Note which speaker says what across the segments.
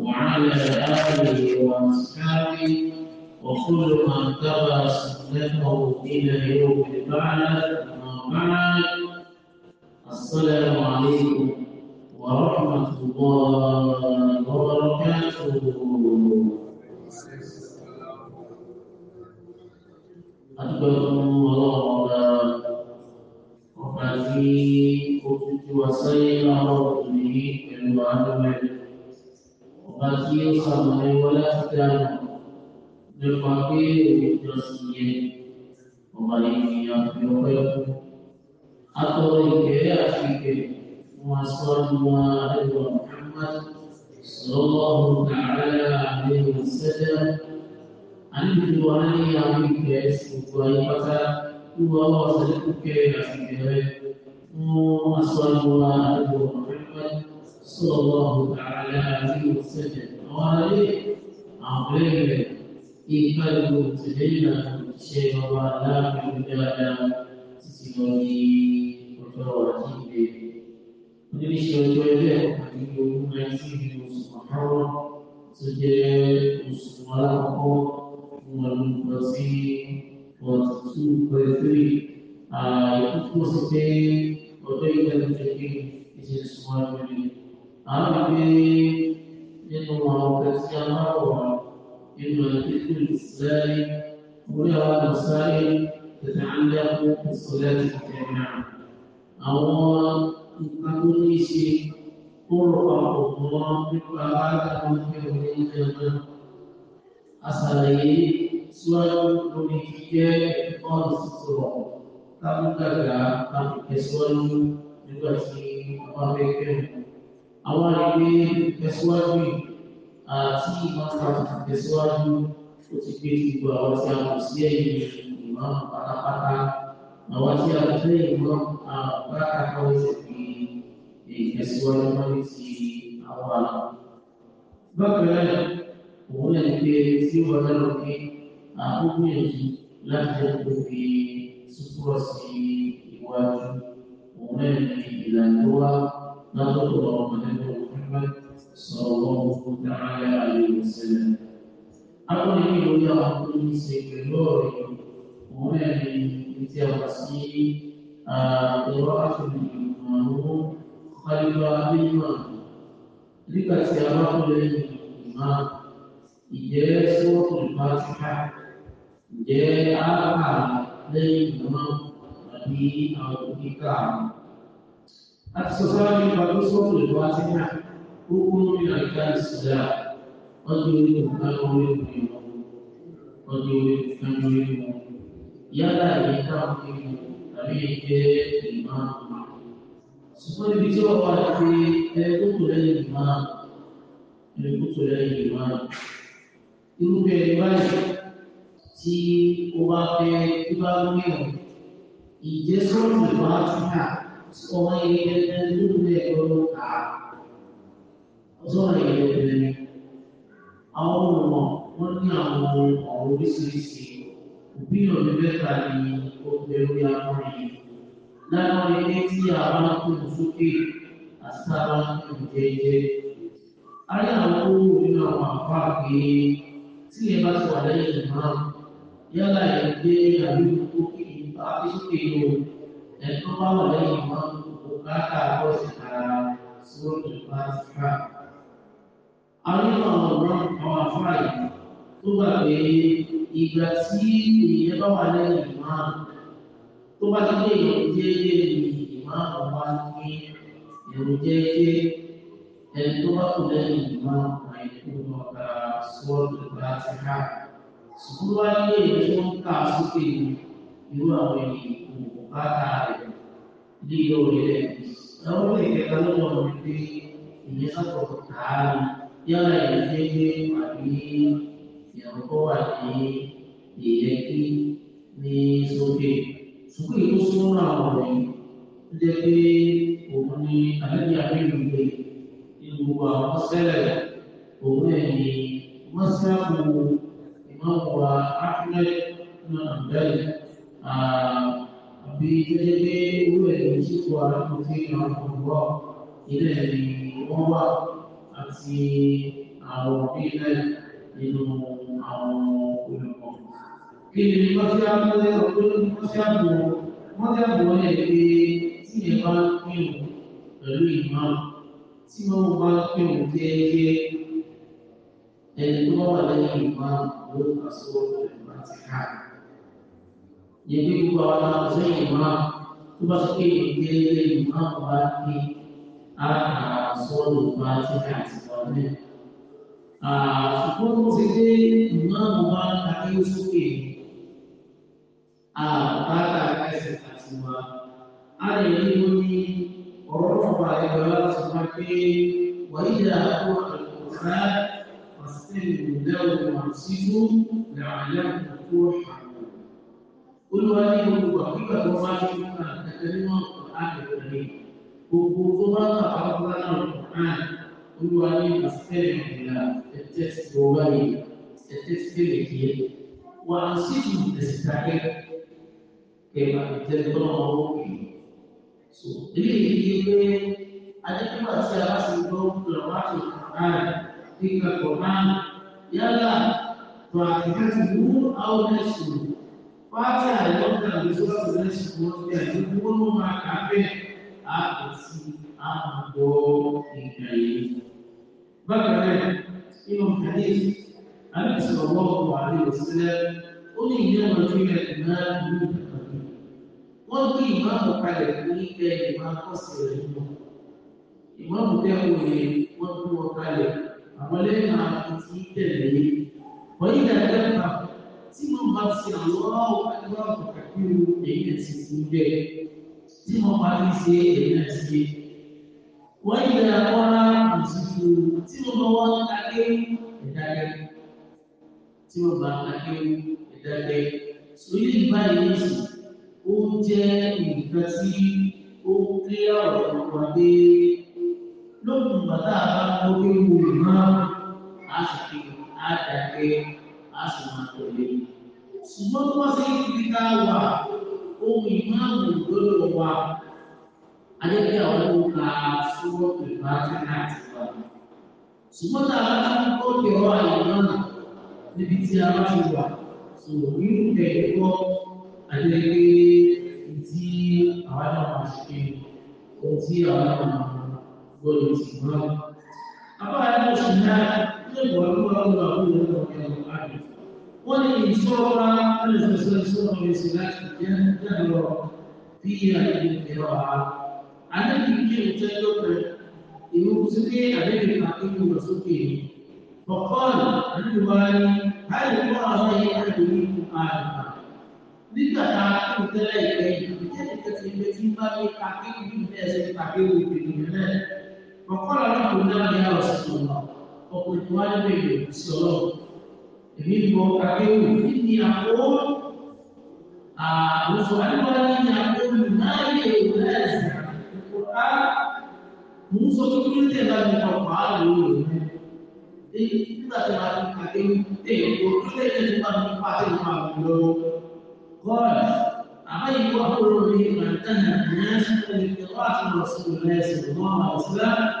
Speaker 1: وعلى آله وأصحابه وكل من تبع سنته إلى يوم البعث أما بعد السلام عليكم ورحمة الله وبركاته أكبركم الله وقد في كتب وسيلة ربه الوعد والإحسان Rasul sallallahu alaihi wasallam berpakai rasmiye membaiki yang atau ike asike wasallallahu alaihi Muhammad sallallahu taala alaihi wasallam anju alaihi amike sukwai pata kuwa wasalikuke asike wasallallahu alaihi Muhammad صلى الله تعالى عليه وسلم وعليه عقلين إيمان تدينا شيء ولا بمجرد سيوني وتواجيب Oníṣẹ́ ọjọ́ ilé ọ̀pá ní ogún ẹ̀sìn ní oṣù àkọ́rọ́ tó jẹ́ oṣù alákọ̀ọ́ fún ọdún lọ sí forty two point three. Àìkú tó sì pé ọjọ́ ìgbàlódé ní ìṣẹ̀sùn ọdún yìí. Kami kagak, kami kesuai juga si apa mereka àwọn àgbègbè ìtẹ̀síwájú àti ìmọ̀tàkùn ìtẹ̀síwájú ó ti gbé gbogbo àwọn tí a kò sí ẹ̀yìn ìmọ̀ pátápátá àwọn tí a kò fẹ́ ìmọ̀ pátápátá ó ti fi ìtẹ̀síwájú wọn ní ti àwọn àlọ́. bákan náà òun náà ní pé tí wọn náà lọ pé àkókò èyí láti jẹ́ kó fi súpúrọ̀ sí iwájú òun náà ní ìlànà wa. نسأل الله نبي محمد صلى الله تعالى عليه وسلم أقول لك يا أخوي سيكلوري هنا لتوسيع قراءة الإمام خلف الإمام لكتابة الإمام إجاء سورة الفاتحة إجاء آخر للإمام أبي أو إكرام àti sọ̀sọ́rọ́ ní ìgbà tó sọ́ọ̀tù lè wá sí náà ó kú ní àyíká ìsìlá wọ́n ní orí nǹkan orí nǹkan wọ́n ní orí nǹkan orí nǹkan yálà àyíká orí nǹkan tàbí ẹgbẹ́ ìmọ̀ ṣùgbọ́n ibi tí wọ́n wà láti ẹgbẹ́ tó lẹ́yìn ìmọ̀ ẹgbẹ́ tó lẹ́yìn ìmọ̀ irúfẹ́ ìwádìí tí ó bá fẹ́ tó bá ń gbìyànjú ìjẹ́sọ́ọ̀tù lè wá sí náà. 所以人人都在都打，所以人 àwọn ọmọ wọn ní àwọn ọ̀rọ̀ oríṣiríṣi òbí òbí mẹ́ta ni obìnrin orí akọrin láwọn ilé tí a bá ń tóbi sókè àti tá a bá ń tóbi jẹ́jẹ́. a rí àwọn owó nínú àwọn àpá pé tí ẹ bá ti wà lẹ́yìn náà yálà ẹ̀ gbé àbí kókè àbí sókè yóò dan kuma wajen imam bukata ko sikara suratul fatiha àwọn ọ̀rọ̀ àwọn afáàyè tó gbà pé ìgbà tí èèyàn bá wà lẹ́yìn ìmáà tó bá ti lé ìròjẹ́jẹ́ ní ìmáà ọba ní ìròjẹ́jẹ́ ẹni tó bá kù lẹ́yìn ìmáà ọba ìkókò ọba sọ́ọ̀tù bá ti ká ṣùgbọ́n wá lé ń kà sókè yìí irú àwọn ènìyàn kò bá ta rẹ̀ lílo ilẹ̀. Àwọn ọmọ ìkẹta ló wọ̀ ní pé ìyẹn sọ̀tọ̀ tààrí yálà ìyẹn tí ń gbé àbí ìyàwó wà ní ìyẹ́kí ní sókè. Sùkúrù tó súnmọ́ àwọn ọ̀rọ̀ yìí ó jẹ́ pé òun ni àlejò àbẹ̀rù gbé nínú àwọn sẹ́lẹ̀ òun ẹ̀ ní wọ́n sábò ìmọ̀ wa Ahmed náà bẹ́ẹ̀ àbí jẹ́jẹ́ pé irú ẹ̀ lè ṣètò arákùnrin tí àwọn ọ̀gbọ́n ilé ni wọ́n wà àti àwọn ìbílẹ̀ nínú àwọn olùkọ́. Kí ni wọ́n ti àbúrò ọdún wọ́n ti àbúrò wọ́n ti àbúrò ẹ̀ pé tí ìyẹn bá pín òun pẹ̀lú ìmọ̀ tí wọ́n bá pín òun jẹ́jẹ́ ẹni tó wà lẹ́yìn ìmọ̀ ló ń pàṣẹ ọ̀pọ̀ ìmọ̀ Jadi bahwa anak saya imam, cuma sekali dia imam berarti ada solo bacaan sebenarnya. Ah, sepuluh sini imam bukan kaki usuki. Ah, kata kata semua. Ada yang ini orang beragama seperti wajah aku al-Quran pasti beliau mengaksimu لعلكم تفلحون
Speaker 2: olùwárí gbogbo àkíkà tó bá ṣe
Speaker 1: fún wa tẹ̀lé náà kùránì rẹ̀ gbogbo tó bá kà á fúra náà kùránì olùwárí àfẹ́rẹ́ ìlà ẹ̀tẹ́ ìwọ́wárí ẹ̀tẹ́ fẹ́rẹ̀ yẹ wà á sì tún ẹ̀sìtàkẹ́ kẹ̀mà ìtẹ́tọ́ náà ó kì a Wákà àyọ̀kà lè sọ́dọ̀ ọ̀rẹ́ ṣùgbọ́n ti àdúgbò ló máa kà bẹ́ẹ̀ á kò sí àmọ̀gbọ́ ìgbà yìí. Bákan náà, nínú kàdé, àbí sọ̀rọ̀ wọ́pọ̀ àrí òṣìṣẹ́, ó ní ìyá ọjọ́ ilẹ̀ náà ní ìgbàgbọ́.
Speaker 2: Wọ́n gbé ìmáàmù kalẹ̀
Speaker 1: fún ilẹ̀ ìmáà rẹ̀ nínú. Ìmáàmù dẹ́kun rẹ̀ wọ́n gbé wọn kalẹ̀, àwọn lẹ́yìn àwọn tẹ̀lé. Wọ́n yí tí wọ́n bá ti àwọn ọ̀pọ̀lọpọ̀ kàkí ẹ̀yìn ti fún bẹ́ẹ̀ tí wọ́n bá ti ṣe ẹ̀yìn ti ṣe. Wọ́n yẹ àwọn òṣìṣẹ́ tí wọ́n bá wọ́n kàkí ẹ̀dáyé tí wọ́n bá kàkí ẹ̀dáyé. Sóyè ìbáyìí ní sùn, ó jẹ́ nǹkan tí ó kí ọ̀rọ̀ wọn dé. Lókùn bàtà bá tó kéwòn náà, a sì fi àdàkẹ́ a sì máa tẹ̀lé. ṣùgbọ́n tí wọ́n ṣe ń fi ká wà ohun ìmáàmù lọ́dọ̀ wa adébíyà wọn ló ka fúwọ́ pẹ̀lú àtàkà àti wà. ṣùgbọ́n tá a bá tún kọ́ ìrọ̀ àyẹ̀mọ́nà níbi tí a bá ti wà sọ̀rọ̀ nínú tẹ̀lé kọ́ adébíyà tí àwọn náà máa ṣe ohun àwọn náà máa gbọ́dọ̀ tì mọ́. Àbáyé oṣù náà yóò wọ́n lọ́wọ́ àwọn ìlú ọ̀gbìn ọ̀gbìn. وإن صورة الفصل صورة بصلاة الجهر فيها القراءة على كل تلقى يوسفي عليه الحكيم وسفيه فقال الجواري هل الله يحد منكم آلهة لتحاكم ذلك بذلك التي ما يحاكم بالناس يحاكم بالجنان فقال رب الله يا رسول الله وقلت وانا بيني الصلاه hivyo akiwa ni akoo a não é usomaji wa dini ya kweli nani unaweza Qur'an muso kutulite ndani kwa Qur'an huyo ni kila tena akiwa ndio kutulite ndani kwa Qur'an kwa hiyo God ambaye yuko hapo leo ni mtana nasi kwa kitabu cha Rasulullah sallallahu alaihi wasallam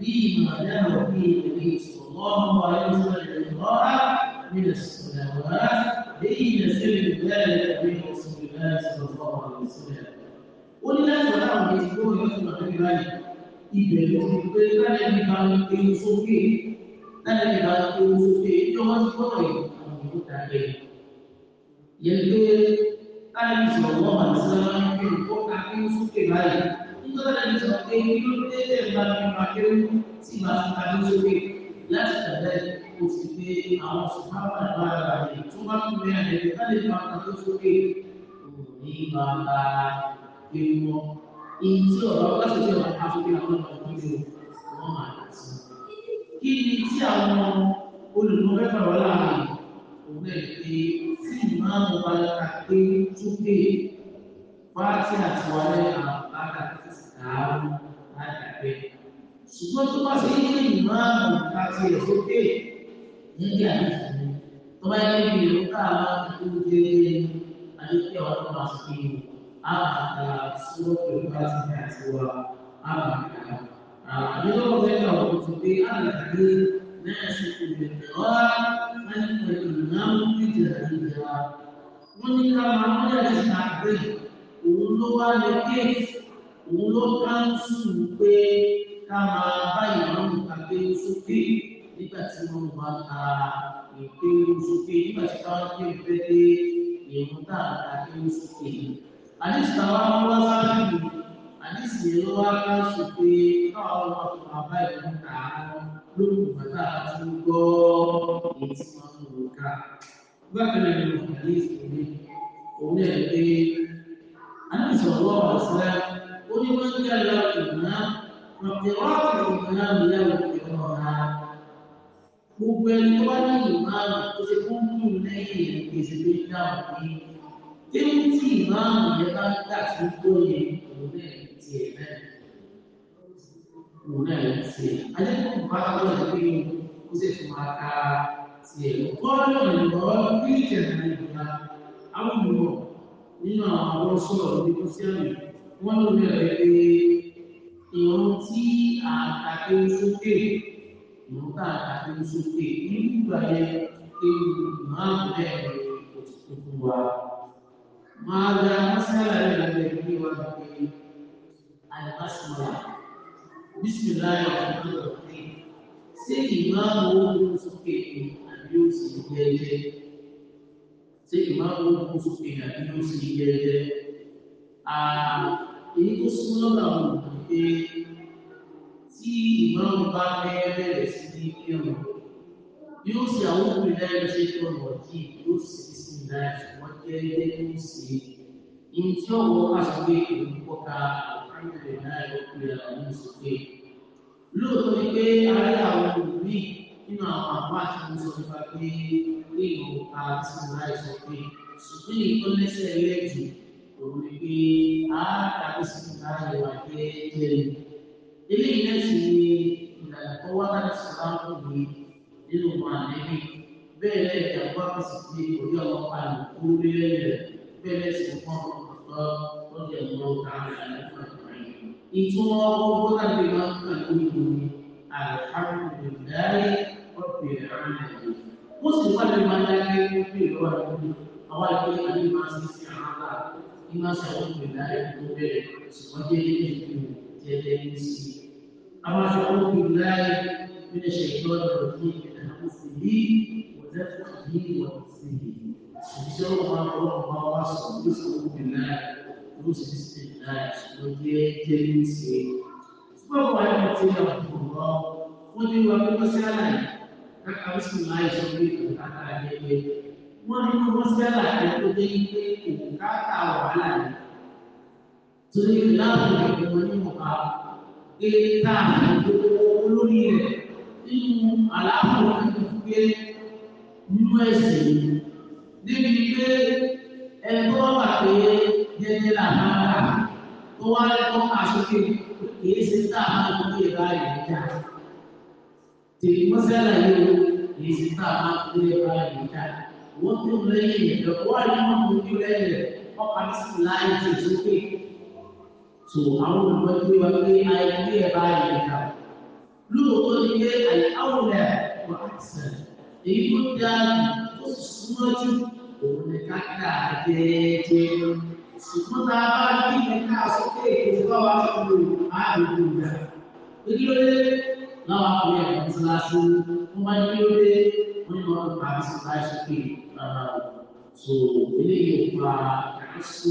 Speaker 1: que yanawi bihi sallallahu alaihi wasallam من السماوات لينزل ذلك من رسول الله صلى الله عليه وسلم قلنا فلهم يذكرون يسمع بمالك ibẹ̀ ló fi pé lálẹ́bí bá ń pé sókè lálẹ́bí bá ń pé sókè tí wọ́n ti gbọ́dọ̀ yìí àwọn ìlú tàbí yẹn pé lálẹ́bí sọ̀rọ̀ wọ́n máa sọ wọn pé kó ká pé sókè báyìí nítorí lálẹ́bí sọ pé o ti fi àwọn sùpáàmù lára rẹ̀ tó bá tún bẹ́ẹ̀ rẹ̀ ká lè máa ta tó sókè kò ní máa ta ewu wọn. Èyí tí ọ̀rọ̀ bá ti jẹ́ wọn aṣojú àwọn ọmọ ìlú wọn máa dà Kí ni tí àwọn olùmọ̀fẹ́ bàbá láàrin òun ẹ̀ pé tí ìmáàmù bá ta pé sókè fáàtì àti wàlẹ́ àwọn bá ta ti sàárù láti àgbẹ̀. Ṣùgbọ́n tó bá ṣe é ní ìmáàmù láti ẹ̀ sókè níbi àdìsí tó bá yẹ kí o ká àwọn àdúgbò dé àdúgbò àwọn tó máa fi àbàtà sọ́ọ̀kì ọ̀gá ti ní àti wa àbàtà. àdúgbò ọ̀gbẹ́ náà kò tún pé àgbàdo náà sì kò lè tọ́ láti pẹ̀lú ìnáwó nídìí àdúgbò wa. wọ́n ní ká máa wọ́n yàrá àgbẹ̀ òun ló wá lọ kéèkì òun ló ká sùn pé ká máa bá ìwà òun sókè. nígbàtí wọn bá itu suci sókè nígbàtí káwọn pè pẹ́ẹ́lí ìrún suci. àkínú sókè yìí. àdìsí táwa ń wá sáájú àdìsí yẹn ló wá ká sókè káwọn wá fún bàbá ìlú ká lókùn bàtà àti gbọ́ èyí tí wọ́n ń lò ká. gbàgbé rẹ̀ ló wà ní ìsinmi gbogbo ẹni tó bá ní ìmáàmù tó ṣe fún mú lẹ́yìn ìrìn èsì tó ń dáhùn ní lẹ́yìn tí ìmáàmù yẹn bá ń gbà tó tó yẹ òun náà ti ẹ̀ náà òun náà ti ẹ̀ adékòkò bá tó lọ pé ó sì fún wa ká ti ẹ̀ gbọ́dọ̀ lọ bí ìjẹ̀dá ìgbà àwọn olùkọ́ nínú àwọn ọ̀rọ̀ sọ̀rọ̀ ní kó sí àmì wọ́n bẹ̀rẹ̀ pé ìrun àtàkùn sókè ìrún tá a ti ń sókè nígbà yẹn ewu máa ń bẹ̀rẹ̀ òtútù wa. Máa da mọ́sálà rẹ̀ lẹ́yìn ní wa pé àìbásíwá bísíláì ọ̀hún náà pé ṣé ìmáàmù owó sókè ni àbí ó sì ń jẹ́jẹ́? Ṣé ìmáàmù owó sókè ni àbí ó sì ń jẹ́jẹ́? Èyí tó súnmọ́ làwọn òbí pé tí ìmọ̀ràn bá bẹ́ẹ̀ bẹ̀rẹ̀ sí ní ìrùn yóò ṣe àwọn òbí láyé ṣe tó ọ̀rọ̀ kí yóò sì sí náà ṣùgbọ́n jẹ́ ilé tó ń ṣe ní tí ọ̀wọ́ àṣìwé olùkọ́ka àkàndìrẹ̀ náà yóò pè ara ní ìṣòfè lóòótọ́ ni pé ayé àwọn òbí nínú àwọn àwọn àti sọ nípa pé pé ìwọ̀n ká sí náà ìṣòfè ṣùgbọ́n ìkọ́lẹ́sẹ̀ rẹ̀ jù òun ni pé a kàbí sí náà eléyìí náà sì ni ìlànà tó wá láti sàlámù òwe nínú ọmọ àlẹ́bí bẹ́ẹ̀ lẹ́yìn ìjàmbá kò sì ti orí ọmọ àlù kúrú lélẹ̀ rẹ̀ bẹ́ẹ̀ lẹ́yìn sì fún ọmọ ọ̀tọ̀ lọ́dẹ ọmọ ọ̀tá ìtumọ̀ ọgbọ́n náà lè máa ń kà lórí omi àlùfáàlùfẹ́ ọ̀pẹ̀ àmàlẹ́
Speaker 2: ó sì wá lè máa dáké
Speaker 1: pé ìlú àdúgbò àwọn àgbẹ̀ تدريسي أعوذ بالله من الشيطان الرجيم من همسه ونفخه ونفسه وبشر ما الله واصل يسأل بالله ويسأل بسم الله وتدريسي سبحان الله وتعالى رحمه الله ودي وابن مسألة كما بسم الله يشريك وتعالى عليه ودي مسألة تدريسي وكاتا وعلاني torí láàrin ìgbìmọ̀ nínú nípa pé táàmù gbogbo olórí rẹ̀ nínú àlàáfò nínú pé nínú ẹ̀sìn níbi pé ẹni tó wà pé jẹjẹ làbára tó wá lọ́wọ́ àṣìṣe kìí ṣe táàmù gbogbo ìbá e rẹ̀ jà tèmi mọ́sálà yìí kìí ṣe táàmù gbogbo ìbá e rẹ̀ jà wọ́n tó lẹ́yìn ẹ̀kọ́ àdéhùn gbogbo lẹ́yìn ọkọ̀ àti sùn láì tẹ̀ so àwọn olùkọ́ ti wá pé àìlè ẹ̀ báyìí nìka lóòótọ́ ni pé àìkáwọ̀ rẹ̀ wà á sẹ̀ èyí tó dáa tó súnmọ́ jù òun ni káàkiri àdéhùn ṣùgbọ́n tá a bá ní ẹ̀ka sókè èkó bá wà lóko àdúgbò rẹ̀ èyí ló dé láwọn akọ̀wé ẹ̀kọ́ ti láti wọ́n máa ń ó dé wọ́n ní wọ́n máa ń pàdé sọ́kà sókè rárá so eléyìí ò pa àkóso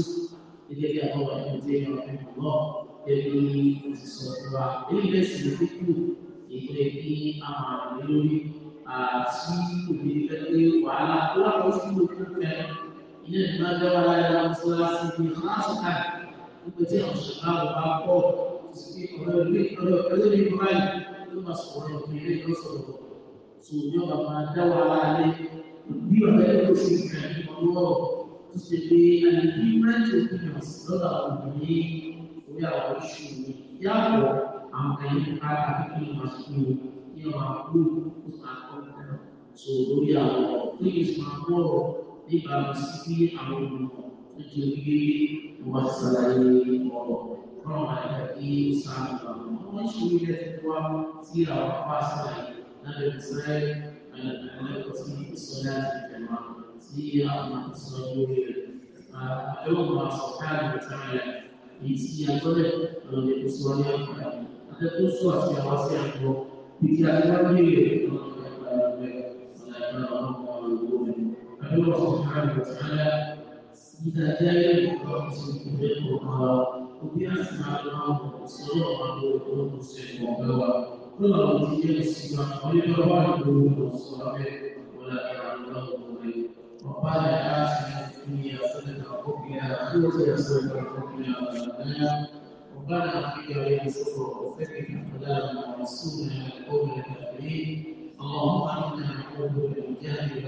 Speaker 1: gẹ́gẹ́ bí àwọn ọmọ ìdílé ọmọ náà gẹ́gẹ́ bí o ti sọ fún wa èyí bẹ́ẹ̀ sì ló kúkú ìpínlẹ̀ bí àwọn àrùn lórí àti òbí pẹ́pẹ́ wàhálà tó wà lọ́sí ló kú pẹ́ ilé ìgbà dáwà láyé wa tó wá sí ibi aláṣọ káyì nígbà tí àwọn ṣẹ̀dá wọn bá pọ̀ sí ọ̀rọ̀ ìlú ọ̀rọ̀ ẹlẹ́rìí ìlú báyìí ló máa sọ̀rọ̀ ìpínlẹ̀ lọ́sọ̀rọ̀ tòun yóò máa dáwà láyé òbí ọ̀rẹ́ ló sì ń مسلمين الإيمان يمكن الصدر المؤمنين ويا وشوني يا هو عم كيف كاتبين مسؤول يا معقول وصعب سوريا وقيس معقول يبقى مسكين أو تجري والسلام رمى الذي سعد الله وشمل التقوى سيرة وقاسة نبي إسرائيل على الصلاة الجماعة سيرة مع الصدور Allah Subhanahu wa taala isi yang boleh menjadi usulan yang baik. Ada usulan yang wasi yang baik. Tidak ada lagi selain Allah Allah Subhanahu wa taala kita jadi orang sendiri berkara. Kemudian semalam Allah Subhanahu wa taala bersama bahwa kalau dia siapa yang berbuat dosa, wala Allah وقال يا آسف الدنيا صدق ربنا أخوك صدق ربنا وجدنا
Speaker 2: وقال أخيك ويوسف
Speaker 1: وفكك قدامنا ورسولنا يقول الكافرين اللهم إنا نعوذ بك من جهل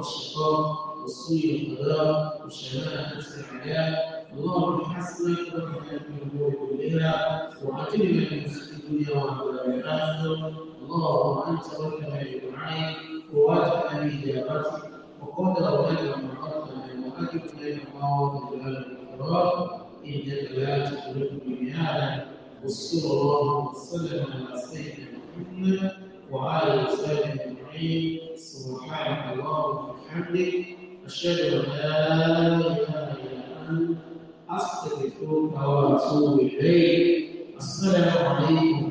Speaker 1: الشقاء وسوء القضاء وشمال نفس الحياة اللهم حسنك وحسنك من الامور كلها واعتمنا بنفسك الدنيا والاخره اللهم انت ولي دعائي وواجب اجابتك وقال أولاد من أرسل المؤلف إلى الله جل الأحرار إنك لا تخلف بنيانا وصلى الله وسلم على سيدنا محمد وعلى آله أجمعين سبحانك اللهم وبحمدك أشهد أن لا إله إلا أنت أستغفرك وأتوب إليك السلام عليكم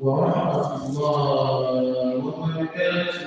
Speaker 1: ورحمة الله وبركاته